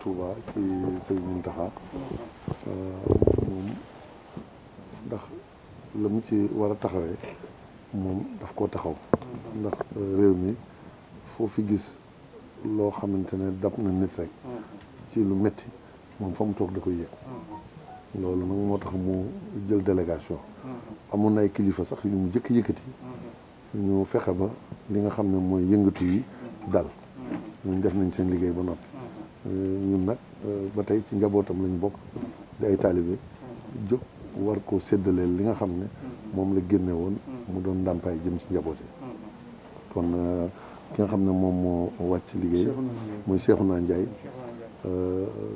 Touba ci sëñ taxa euh, moom ndax la mu ci war a taxawee moom daf koo taxaw ndax euh, réew mi foo fi gis loo xamante ne dab na nit rek ci lu metti moom fa mu toog da ko yëg loolu nag moo tax mu jël délégation amoon na ay kilifa sax yu mu jëkk yëkkati ñu fexe ba li nga xam ne mooy yëngatu yi dal ñun def nañ seen liggéey ba noppi Euh, ñun nag euh, ba tey ci njabootam lañ bokk di ay taalibe jóg war ko séddaleel li nga xam ne moom la génne woon mu doon ndàmpaay jëm ci njaboot yi kon euh, ki nga xam ne moom moo wàcc liggéey muy Cheikhouna Ndiaye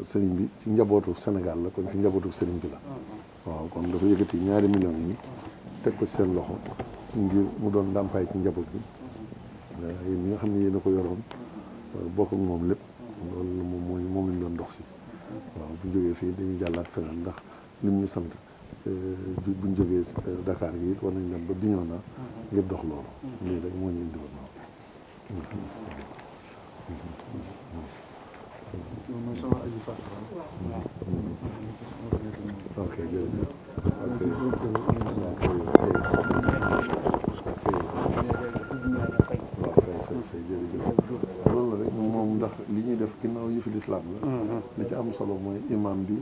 sëriñ bi ci njabootu Sénégal la kon ci njabootu sëriñ bi la waaw kon dafa yëkkati ñaari millions yi teg ko ci seen loxo ngir mu doon ndàmpaay ci njaboot bi yéen ñi nga xam ne yéen a ko yoroon bokk moom lépp loolu moom mooy moom lañ doon dox si waaw bu ñu jógee fii dañuy jàllaat feneen ndax lim ñu sant euh, bu ñu jógee euh, Dakar gi it war nañ dem ba Bignona ngir dox loolu lii rek moo ñu ndax li ñuy def ginnaaw yëfi lislaam la mm-hmm. li ci am solo mooy imam bi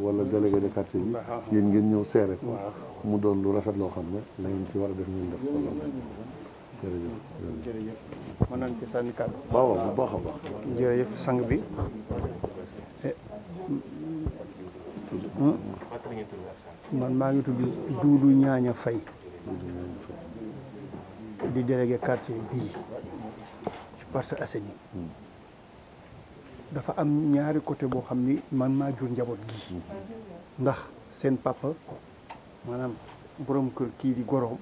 wala délégué de quartier bi yéen ngeen ñëw seere ko mu doon lu rafet loo xam ne la ngeen ci war a def ngeen def ko loolu mm-hmm. jërëjëf jërëjëf mën nañ ci sànni kàddu waaw bu baax a baax jërëjëf sang bi eh, man maa ngi tudd Duudu Ñaaña Fay di délégué quartier bii ci Parcelles Assainies mm. dafa am ñaari côté boo xam ni man maa jur njaboot gi ndax seen papa maanaam borom kër kii di goroom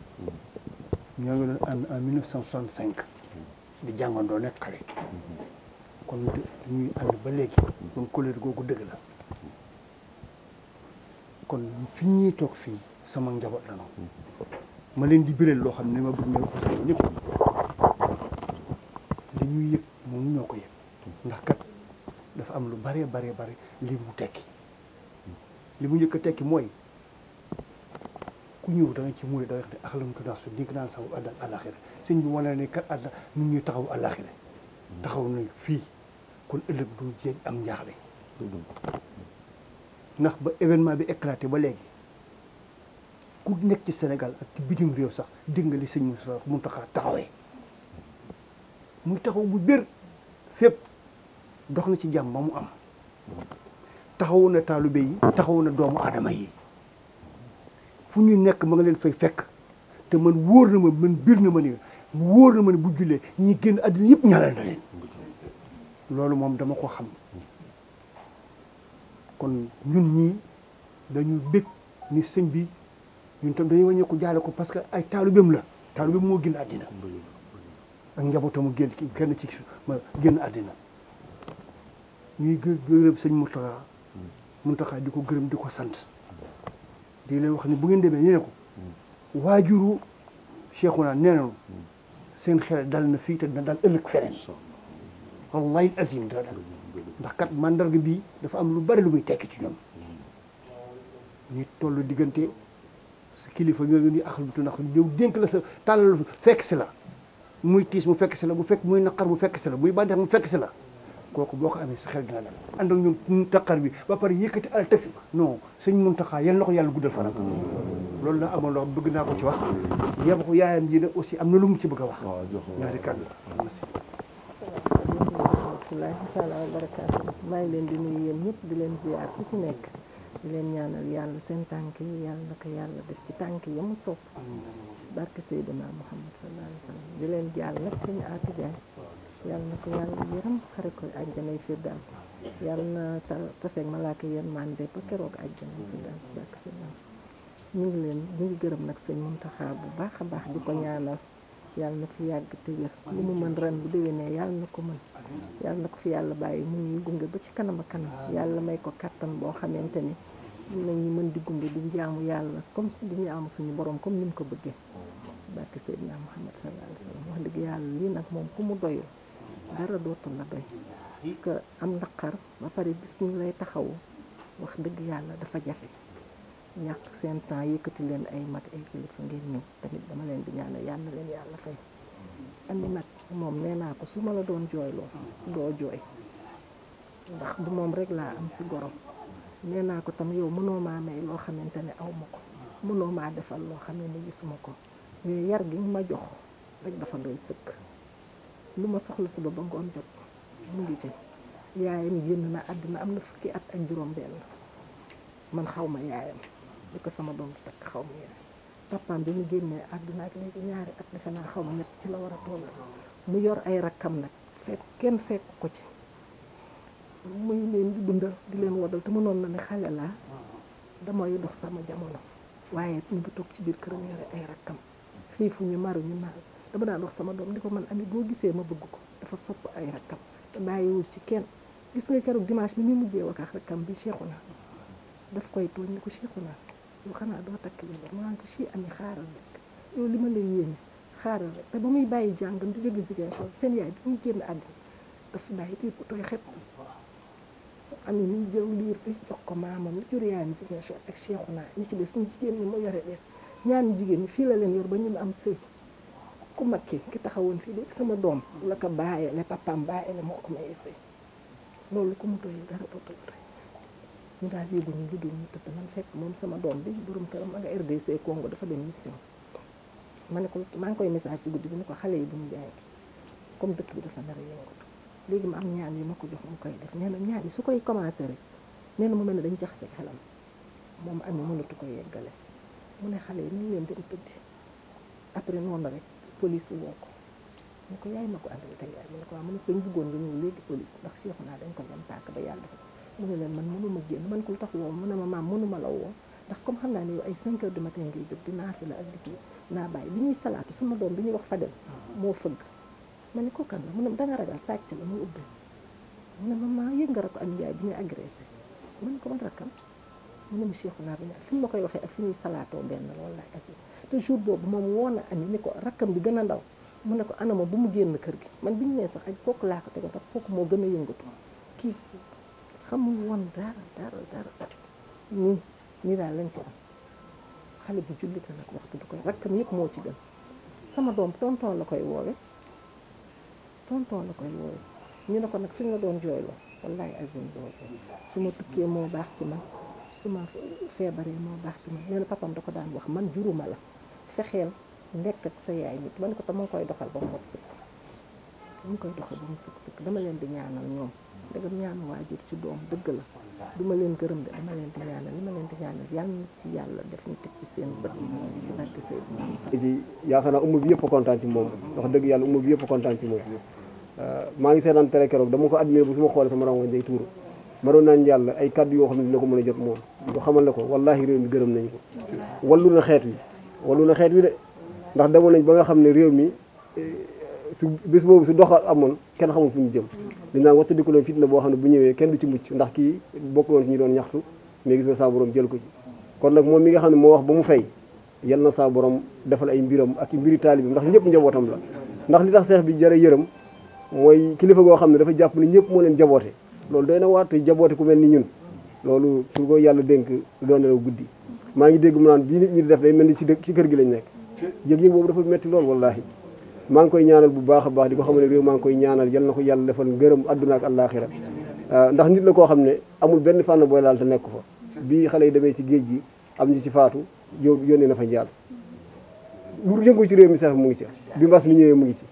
ñoo ngi doon ànd en 1965 di jàngandoo nekk xale kon ñuy ànd ba léegi kon colère googu dëgg la kon fi ñuy toog fii sama njaboot la noonu ma leen di biral loo xam ne ma bëgg ñëpp li ñuy yëg bare bare bare li mu tekki li mu njëkk a tekki mooy ku ñëw da ci muure da nga xam ne axalamtu su dénk naan sama àddal àllaaxira sëñ bi wane ne kat àddal taxaw àllaaxira taxaw nañ fii kon ëllëg du jeeñ am ndax ba événement bi éclaté ba léegi ku nekk ci senegal ak bitim réew sax dégg nga li sëñ Moussa mun taxaa taxawee muy taxaw bu bér fépp dox na ci jàmm ba mu am taxawu na taalibe yi taxawu na doomu aadama yi fu ñu nekk ma nga leen fay fekk te man wóor na ma man bir na ma ni wóor na man bu jullee ñi génn àddina yëpp ñaanal na leen loolu moom dama ko xam kon ñun ñii dañuy bég ni sëñ bi ñun tam dañuy wàññeeku jaale ko parce que ay taalibeem la taalibeem moo génn àddina ak njabootamu génn kenn ci ma génn àddina ñuy gërëm sëñ Mountakha Mountakha di ko gërëm di ko sant di leen wax ni bu ngeen demee ñu ne ko waajuru Cheikhouna nee nañu seen xel dal na fii te dina dal ëllëg feneen wallahi azim dina dal ndax kat mandarga bii dafa am lu bari lu muy tekki ci ñoom ñu toll diggante sa kilifa nga ni axal bi tu nax ñëw dénk la sa tàllal fekk si la muy tiis mu fekk si la bu fekk muy naqar mu fekk si la buy bànneex mu fekk si la kooku boo ko amee sa xel dina dal ànd ak ñun taqar bi ba pare yëkkati al teg non sëñ mun yal na ko yàlla guddal fanam loolu la amoon loo bëgg naa ko ci wax yem ko yaayam ji ne aussi am na lu mu ci bëgg a wax ñaari kàddu asalaamaaleykum wa rahmatulaahi taala wa barakaatu maa ngi leen di nuyu yéen ñëpp di leen ziar ku ci nekk di leen ñaanal yàlla seen tànk yi yàlla na def ci tànk yi mu sopp ci barke Seydina Muhammad sallallahu alayhi di leen jàll nag sëñ Atou yàlla na ko yàlla yërëm xare koy àjjanay firdaws yàlla na taseeg malaaka yéen mande ba keroog àjjanay firdaws bàkk si ñoom ngi leen ñu gërëm nag sëñ Muntaxa bu baax a baax di ko ñaanal yàlla na fi yàgg te wér lu mu mën ren bu déwénee yàlla na ko mën yàlla na ko fi yàlla bàyyi mu gunge ba ci kanam a kanam yàlla may ko kàttan boo xamante ni dinañu mën di gunge di jaamu yàlla comme di jaamu suñu borom comme ni ko bëggee bàkk Seydina Muhammad sallallahu alayhi wa wax dëgg yàlla lii nag moom ku mu doyul dara dootul la doy parce que am naqar ba pare bis ñu lay taxawu wax dëgg yàlla dafa jafe ñàkk seen temps yëkkati leen ay mag ay kilifa ngeen ñëw tamit dama leen di ñaanal yal na leen yàlla fay ami nag moom nee naa ko suma la doon jooyloo doo jooy ndax du moom rek laa am si gorom nee naa ko tam yow mënoo maa may loo xamante ne aw ma ko mënoo maa defal loo xam ne ni gisuma ko mais yar gi nga ma jox rek dafa doy sëkk lu ma soxla suba ba ngoon jot mu ngi ci yaayam génn na àddina am na fukki at ak juróom benn man xaw ma yaayam li ko sama doom di takk xaw ma yaayam papaam bi mu génnee àdduna ak léegi ñaari at defe naa xaw ma ñett ci la war a toll mu yor ay rakkam nag fekk kenn fekk ko ci muy leen di dundal di leen waddal te mënoon na ne xale laa damay dox sama jamono waaye mu ngi ci biir këram yore ay rakkam xiifu ñu maru ñu naan dama daa wax sama doom di ko man ami boo gisee ma bëgg ko dafa sopp ay rakkam te bàyyiwul ci kenn gis nga keroog dimanche bi ñu mujjee wax ak rakkam bi Cheikhouna daf koy tooñ ni ko Cheikhouna yow xanaa doo takk jabar mu naan ko li ma leen yéene xaaral ba muy bàyyi jàngam di jóge Ziguinchor seen yaay bi muy génn àddina dafa bàyyi tiir ko tooy xepp ami ñu liir bi jox ko maamam li jur yaayam Ziguinchor ak Cheikhouna ñi ci des ñu jigéen ñi mu yore leen ñaan jigéen ñi fii la leen yor ba ñu am sëy ku mag ki ki taxawoon fii léegi sama doom la ko bàyyee ne papaam bàyyee la moo ko ma essayé loolu ku mu doyee dara dootul rek ñu daal yëguñu lu dul ñu tëdd man fekk moom sama doom bi borom këram ma nga RDC Congo dafa dem mission ma ne ko maa ngi koy message ci guddi bi ne ko xale yi bu ñu jàngi comme dëkk bi dafa nar a léegi ma am ñaan yi ma ko jox mu koy def nee ñaan yi su koy commencé rek nee na mu mel ne dañ jaxase xelam moom ami mënatu ko yeggale mu ne xale yi nañ leen après noonu rek police woo ko mu ko yaay ma ko àndal tey yaay ne ko waaw mu ne ko léegi police ndax Cheikh naa dañ ko jam paak ba yàlla def leen man mënuma génn man ko tax woo mu ne ma maam mënuma la woo ndax comme xam naa ne ay 5 heures du matin ngay jóg di naafila bi ñuy salaatu sama doom bi ñuy wax Fadel moo fëgg ma ne ko kan la da nga ragal la mu ubbi mu ne ma maa ko am yaay bi ñu agressé ma ne ko man rakkam mu ne ma Cheikh naa bi ñu fi ma koy waxee ak fi ñuy salaatoo benn loolu laay asi te jour boobu moom woo na ami ni ko rakkam bi gën a ndaw mu ne ko anama bu mu génn kër gi man bi ñu nee sax ak kooku laa ko tegoon parce que kooku moo gën a yëngatu kii xamul woon dara dara dara nii nii daal lañ ci am xale bu jullit la nag waxtu du koy rakkam yëpp moo ci gën sama doom tonton la koy woowe tonton la koy woowe ñu ne ko nag suñu la doon jooyloo wallaay azim doo su ma tukkee moo baax ci man su ma feebaree moo baax ci man nee papam da ko daan wax man juruma la fexeel nekk ak sa yaay nit ma ko te mu koy doxal ba mu mot sëkk mu sëkk dama leen di ñaanal ñoom ndegam ñaanu ci doom dëgg dama leen di ñaanal li ma leen yàlla na ci yàlla def ñu teg ci seen bët ci barke say si kontaan ci moom wax dëgg yàlla umma bi yëpp kontaan ci moom euh, maa ngi seetaan tere keroog dama ko admiré bu su ma xoolee sama rongoñ day tuuru ma doon naan yàlla ay kàdd yoo xam ne dina ko mën a jot moom du xamal ne ko wallaahi réew mi gërëm nañu ko wallu na xeet wi walu na xeet wi de ndax demoon nañ ba nga xam ne réew mi su bés boobu su doxal amoon kenn xamul fu ñu jëm li naan waxta di ko loon fitna boo xam ne bu ñëwee kenn du ci mucc ndax kii bokk noon ñu doon ñaxtu mais gis na saa borom jël ko ci kon nag moom mi nga xam ne moo wax ba mu fay yal na saa borom defal ay mbiram ak mbiri taalibam ndax ñëpp njabootam la ndax li tax seex bi jëre yërëm mooy kilifa goo xam ne dafa jàpp ne ñëpp moo leen jaboote loolu doy na waar te jaboote ku mel ni ñun loolu pour ko yàlla dénk doon na guddi maa ngi dégg mu naan bii ñu def day mel ni ci dëkk ci kër gi lañ nekk yëg-yëg boobu dafa metti lool wallaahi maa ngi koy ñaanal bu baax a baax di ko xam ne réew maa ngi koy ñaanal yal na ko yàlla defal ngërëm adduna ak ah, ndax nit la koo xam ne amul benn fànn booy laal nekk fa bii xale yi demee ci géej gi am ñu ci faatu yow yónnee na fa njaal lu yëngu ci réew mi sax mu ngi ci bi mbas mi ñëwee mu ngi ci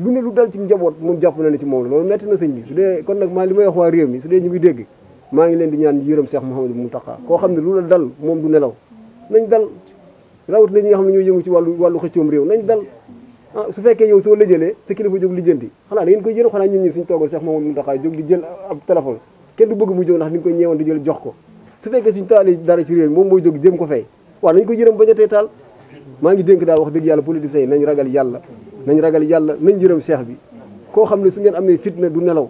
lu ne lu dal ci njaboot mu jàpp na ne ci moom la loolu metti na sëñ bi su dee kon nag maa li may wax waa réew mi su dee ñu ngi dégg maa ngi leen di ñaan yërëm Cheikh Mouhamadou Mountakha koo xam ne lu la dal moom du nelaw nañ dal rawat na xam ne ñoo yëngu ci wàllu wàllu réew nañ dal ah su fekkee yow soo lëjëlee sa kilifa jóg lijjanti xanaa da ngeen koy yërëm xanaa ñun suñ toogal Cheikh Mouhamadou Mountakha jóg di jël ab téléphone kenn du ñu koy ñeewoon di jël jox ko su fekkee suñ taalee moom mooy jóg jëm ko fay waaw nañ ko yërëm bañ a tee taal maa ngi dénk daal wax dëgg yàlla politiciens yi nañ ragal yàlla nañ ragal yàlla nañ yërëm Cheikh bi koo xam ne su ngeen amee fitna du nelaw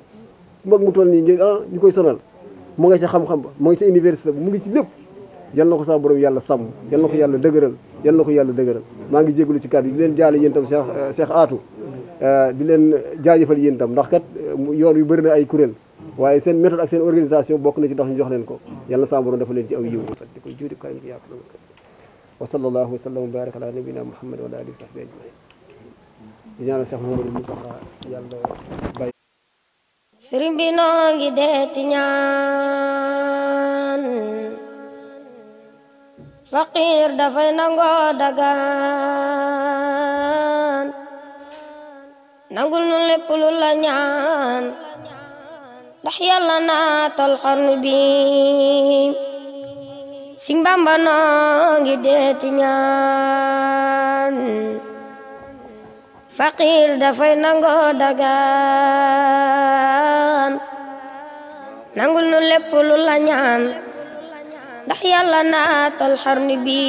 mag mu toll nii ngeen ah ñu koy sonal moo nga sa xam-xam ba mu ngi sa université ba mu ngi ci lépp yal na ko sax borom yàlla sàmm yal na ko yàlla dëgëral yal na ko yàlla dëgëral maa ngi jégalu ci kàddu di leen jaale yéen tam Cheikh euh, Cheikh Atou euh, di leen jaajëfal yéen tam ndax kat euh, yoon yu bëri na ay kuréel waaye seen méthode ak seen organisation bokk na ci ndax ñu jox leen ko yal na sax borom dafa leen ci aw yiw di ko juudi karim ko yàqla wa sallallahu wa sallam wa baraka ala nabina muhammad wa ala alihi wa sahbihi ajmain di ñaanal Cheikh Mouhamadou Moustapha yàlla bay sëriñ bi noo ngi deeti ñaan dafay nangoo dagaan nangul nu lépp lu ñaan faqiir dafay nangoo dagaan nangul nu lépp lu la ñaan ndax yàlla naatal xarni bi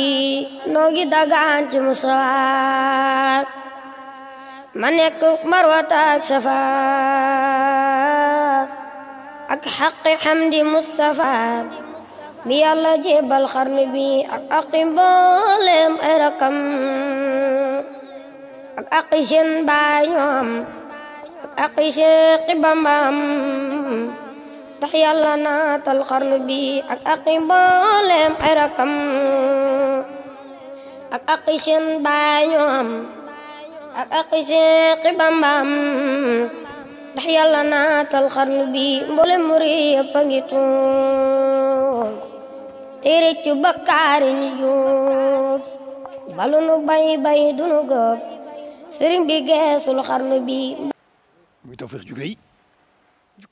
noo dagaan ci musawaan ma nekk marwata ak xaqi xamdi mustafa bi yàlla jébal xarni bi ak aqi ay rakam ak aqi seen baay ak aqi Seexi Bambam ndax naatal xarnu bi ak aqi mbooleem ay ak aqi seen baay ak aqi Seexi Bambam ndax yàlla naatal xarnu bi mbooleem muri yëpp ngi tuub te bakkaari ñu juub balu nu bay bay du sëriñ bi geesul xarnu bi muy Tawfekh ju rëy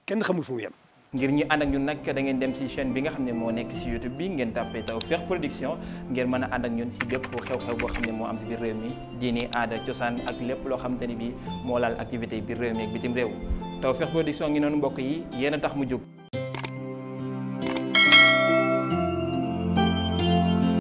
kenn xamul fu mu yem ngir ñi ànd ak ñun nag da ngeen dem ci chaine bi nga xam ne moo nekk ci YouTube bi ngeen tàppee Tawfekh Production ngeen mën a ànd ñun ci bépp xew-xew boo xam ne moo am ci biir réew mi dini aada cosaan ak lépp loo xamante ni bi moo laal activité biir réew mi ak bitim réew Tawfekh Production ngi noonu mbokk yi yéen a tax mu jóg